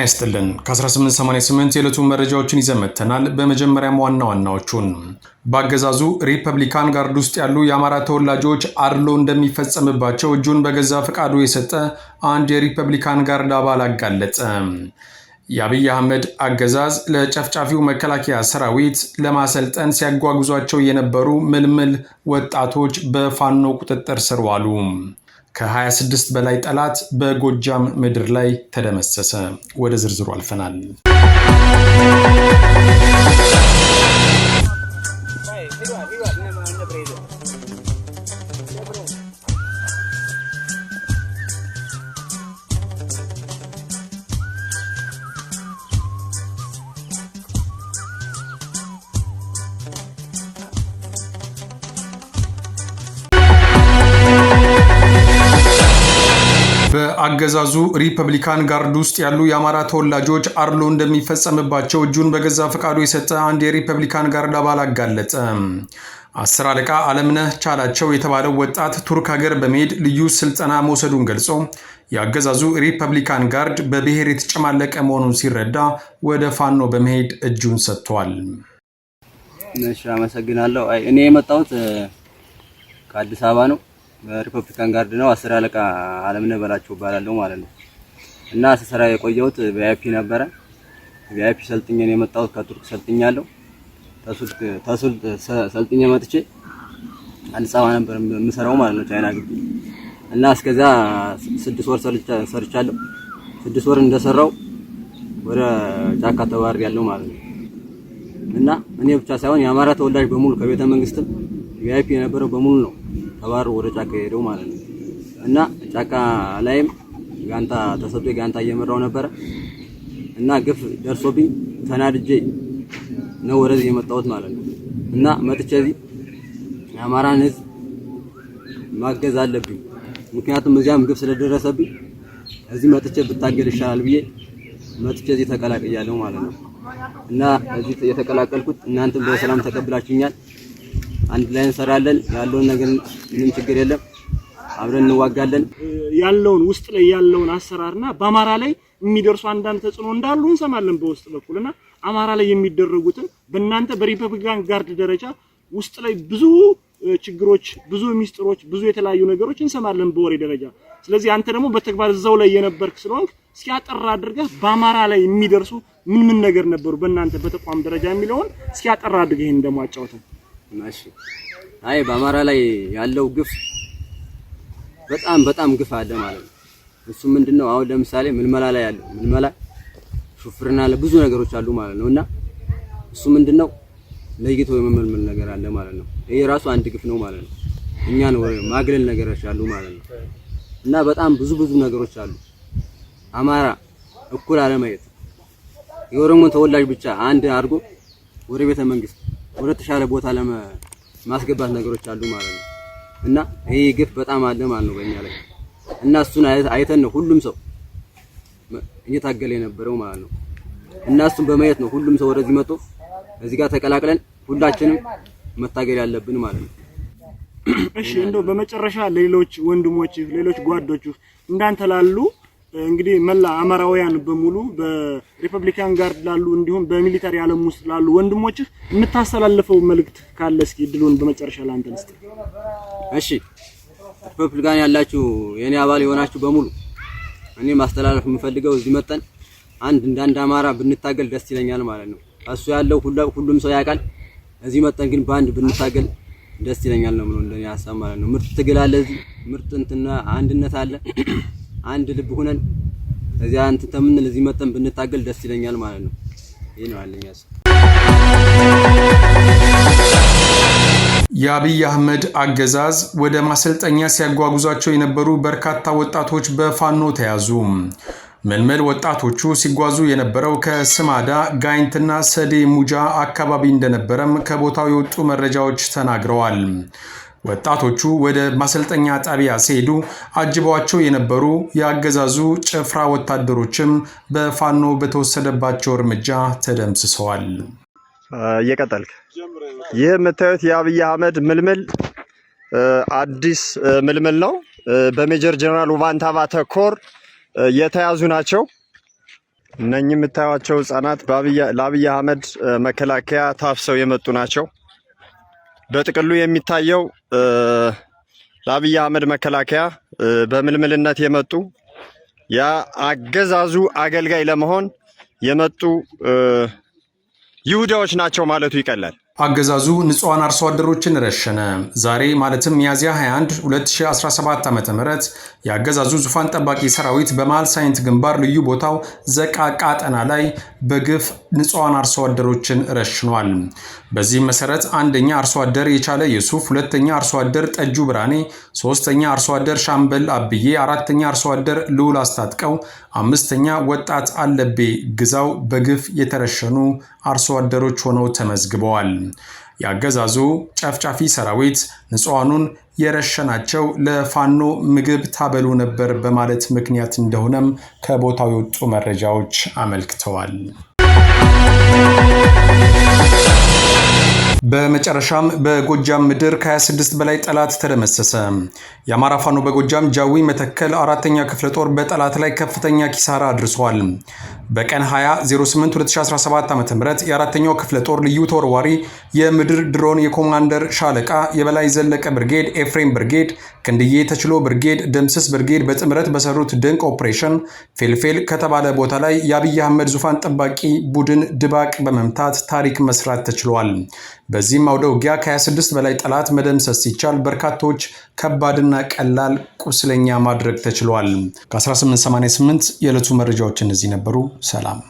ጤና ይስጥልን ከ1888 የዕለቱ መረጃዎችን ይዘመተናል በመጀመሪያም ዋና ዋናዎቹን በአገዛዙ ሪፐብሊካን ጋርድ ውስጥ ያሉ የአማራ ተወላጆች አድሎ እንደሚፈጸምባቸው እጁን በገዛ ፈቃዱ የሰጠ አንድ የሪፐብሊካን ጋርድ አባል አጋለጠ። የአብይ አህመድ አገዛዝ ለጨፍጫፊው መከላከያ ሰራዊት ለማሰልጠን ሲያጓጉዟቸው የነበሩ ምልምል ወጣቶች በፋኖ ቁጥጥር ስር ዋሉ። ከ26 በላይ ጠላት በጎጃም ምድር ላይ ተደመሰሰ። ወደ ዝርዝሩ አልፈናል። በአገዛዙ ሪፐብሊካን ጋርድ ውስጥ ያሉ የአማራ ተወላጆች አድሎ እንደሚፈጸምባቸው እጁን በገዛ ፈቃዱ የሰጠ አንድ የሪፐብሊካን ጋርድ አባል አጋለጠ። አስር አለቃ አለምነህ ቻላቸው የተባለው ወጣት ቱርክ ሀገር በመሄድ ልዩ ስልጠና መውሰዱን ገልጾ የአገዛዙ ሪፐብሊካን ጋርድ በብሔር የተጨማለቀ መሆኑን ሲረዳ ወደ ፋኖ በመሄድ እጁን ሰጥቷል። እሺ፣ አመሰግናለሁ። እኔ የመጣሁት ከአዲስ አበባ ነው። በሪፐብሊካን ጋርድ ነው። አስር አለቃ አለምነህ በላቸው እባላለሁ ማለት ነው። እና ስሰራ የቆየሁት ቪአይፒ ነበረ። ቪአይፒ ሰልጥኜ ነው የመጣሁት። ከቱርክ ሰልጥኛለሁ። ተሱልክ ሰልጥኜ መጥቼ አዲስ አበባ ነበር የምሰራው ማለት ነው፣ ቻይና ግቢ እና እስከዛ ስድስት ወር ሰርቻለሁ። ስድስት ወር እንደሰራው ወደ ጫካ ተባር ያለው ማለት ነው። እና እኔ ብቻ ሳይሆን የአማራ ተወላጅ በሙሉ ከቤተ መንግስትም ቪአይፒ የነበረው በሙሉ ነው ተባሮ ወደ ጫካ የሄደው ማለት ነው። እና ጫካ ላይም ጋንታ ተሰጥቶ ጋንታ እየመራው ነበረ እና ግፍ ደርሶብኝ ተናድጄ ነው ወደዚህ የመጣሁት ማለት ነው። እና መጥቼ እዚህ የአማራን ህዝብ ማገዝ አለብኝ። ምክንያቱም እዚያም ግፍ ስለደረሰብኝ እዚህ መጥቼ ብታገል ይሻላል ብዬ መጥቼ እዚህ ተቀላቅያለሁ ማለት ነው። እና እዚህ የተቀላቀልኩት እናንተም በሰላም ተቀብላችሁኛል። አንድ ላይ እንሰራለን። ያለውን ነገር ምንም ችግር የለም፣ አብረን እንዋጋለን። ያለውን ውስጥ ላይ ያለውን አሰራርና በአማራ ላይ የሚደርሱ አንዳንድ ተጽዕኖ እንዳሉ እንሰማለን በውስጥ በኩልና አማራ ላይ የሚደረጉትን በእናንተ በሪፐብሊካን ጋርድ ደረጃ ውስጥ ላይ ብዙ ችግሮች፣ ብዙ ሚስጥሮች፣ ብዙ የተለያዩ ነገሮች እንሰማለን በወሬ ደረጃ። ስለዚህ አንተ ደግሞ በተግባር እዛው ላይ የነበርክ ስለሆንክ ሲያጠራ አጠር አድርገህ በአማራ ላይ የሚደርሱ ምን ምን ነገር ነበሩ በእናንተ በተቋም ደረጃ የሚለውን ሲያጠራ አጠር አድርገህ ይሄን ደግሞ አጫውተን እሺ አይ በአማራ ላይ ያለው ግፍ በጣም በጣም ግፍ አለ ማለት ነው። እሱ ምንድነው አሁን ለምሳሌ ምልመላ ላይ ያለው ምልመላ ሹፍርና ብዙ ነገሮች አሉ ማለት ነው። እና እሱ ምንድነው ለይቶ የመመልመል ነገር አለ ማለት ነው። ይሄ ራሱ አንድ ግፍ ነው ማለት ነው። እኛን ማግለል ነገሮች አሉ ማለት ነው። እና በጣም ብዙ ብዙ ነገሮች አሉ። አማራ እኩል አለማየት የኦሮሞን ተወላጅ ብቻ አንድ አድርጎ ወደ ቤተ መንግስት ወደ ተሻለ ቦታ ለማስገባት ነገሮች አሉ ማለት ነው። እና ይሄ ግፍ በጣም አለ ማለት ነው በእኛ ላይ እና እሱን አይተን ነው ሁሉም ሰው እየታገለ የነበረው ማለት ነው። እና እሱን በማየት ነው ሁሉም ሰው ወደዚህ መጥቶ እዚህ ጋር ተቀላቅለን ሁላችንም መታገል ያለብን ማለት ነው። እሺ እንደው በመጨረሻ ሌሎች ወንድሞች ሌሎች ጓዶች እንዳንተ ላሉ እንግዲህ መላ አማራውያን በሙሉ በሪፐብሊካን ጋርድ ላሉ እንዲሁም በሚሊታሪ ዓለም ውስጥ ላሉ ወንድሞችህ የምታስተላልፈው መልእክት ካለ እስኪ ድሉን በመጨረሻ ላንተ ልስጥ። እሺ ሪፐብሊካን ያላችሁ የኔ አባል የሆናችሁ በሙሉ እኔ ማስተላለፍ የምፈልገው እዚህ መጠን አንድ እንደ አንድ አማራ ብንታገል ደስ ይለኛል ማለት ነው። እሱ ያለው ሁሉም ሰው ያውቃል። እዚህ መጠን ግን በአንድ ብንታገል ደስ ይለኛል ነው ምን እንደኔ ሀሳብ ማለት ነው። ምርጥ ትግል አለ እዚህ ምርጥ እንትና አንድነት አለ አንድ ልብ ሆነን እዚያ እንትን ተምን እዚህ መጠን ብንታገል ደስ ይለኛል ማለት ነው። ይሄ ነው ያለኝ ያስ የአብይ አህመድ አገዛዝ ወደ ማሰልጠኛ ሲያጓጉዛቸው የነበሩ በርካታ ወጣቶች በፋኖ ተያዙ። መልመል ወጣቶቹ ሲጓዙ የነበረው ከስማዳ ጋይንትና ሰዴ ሙጃ አካባቢ እንደነበረም ከቦታው የወጡ መረጃዎች ተናግረዋል። ወጣቶቹ ወደ ማሰልጠኛ ጣቢያ ሲሄዱ አጅበዋቸው የነበሩ የአገዛዙ ጭፍራ ወታደሮችም በፋኖ በተወሰደባቸው እርምጃ ተደምስሰዋል። እየቀጠልክ ይህ የምታዩት የአብይ አህመድ ምልምል አዲስ ምልምል ነው። በሜጀር ጀነራል ውባንታባ ተኮር የተያዙ ናቸው። እነኚህ የምታዩቸው ህጻናት ለአብይ አህመድ መከላከያ ታፍሰው የመጡ ናቸው። በጥቅሉ የሚታየው ለአብይ አህመድ መከላከያ በምልምልነት የመጡ የአገዛዙ አገልጋይ ለመሆን የመጡ ይሁዳዎች ናቸው ማለቱ ይቀላል። አገዛዙ ንጹሐን አርሶ አደሮችን ረሸነ። ዛሬ ማለትም ሚያዝያ 21 2017 ዓ ም የአገዛዙ ዙፋን ጠባቂ ሰራዊት በመሃል ሳይንት ግንባር ልዩ ቦታው ዘቃቃ ጠና ላይ በግፍ ንጹሐን አርሶ አደሮችን ረሽኗል። በዚህም መሰረት አንደኛ አርሶ አደር የቻለ የሱፍ፣ ሁለተኛ አርሶ አደር ጠጁ ብርሃኔ፣ ሶስተኛ አርሶ አደር ሻምበል አብዬ፣ አራተኛ አርሶ አደር ልዑል አስታጥቀው፣ አምስተኛ ወጣት አለቤ ግዛው በግፍ የተረሸኑ አርሶ አደሮች ሆነው ተመዝግበዋል። የአገዛዙ ጨፍጫፊ ሰራዊት ንጹሐኑን የረሸናቸው ለፋኖ ምግብ ታበሉ ነበር በማለት ምክንያት እንደሆነም ከቦታው የወጡ መረጃዎች አመልክተዋል። በመጨረሻም በጎጃም ምድር ከ26 በላይ ጠላት ተደመሰሰ። የአማራ ፋኖ በጎጃም ጃዊ መተከል አራተኛ ክፍለ ጦር በጠላት ላይ ከፍተኛ ኪሳራ አድርሷል። በቀን 20/08/2017 ዓ.ም የአራተኛው ክፍለ ጦር ልዩ ተወርዋሪ የምድር ድሮን የኮማንደር ሻለቃ የበላይ ዘለቀ ብርጌድ፣ ኤፍሬም ብርጌድ፣ ክንድዬ ተችሎ ብርጌድ፣ ደምስስ ብርጌድ በጥምረት በሰሩት ድንቅ ኦፕሬሽን ፌልፌል ከተባለ ቦታ ላይ የአብይ አህመድ ዙፋን ጠባቂ ቡድን ድባቅ በመምታት ታሪክ መስራት ተችሏል። በዚህም አውደ ውጊያ ከ26 በላይ ጠላት መደምሰስ ሲቻል በርካቶች ከባድና ቀላል ቁስለኛ ማድረግ ተችሏል። ከ1888 የዕለቱ መረጃዎች እነዚህ ነበሩ። ሰላም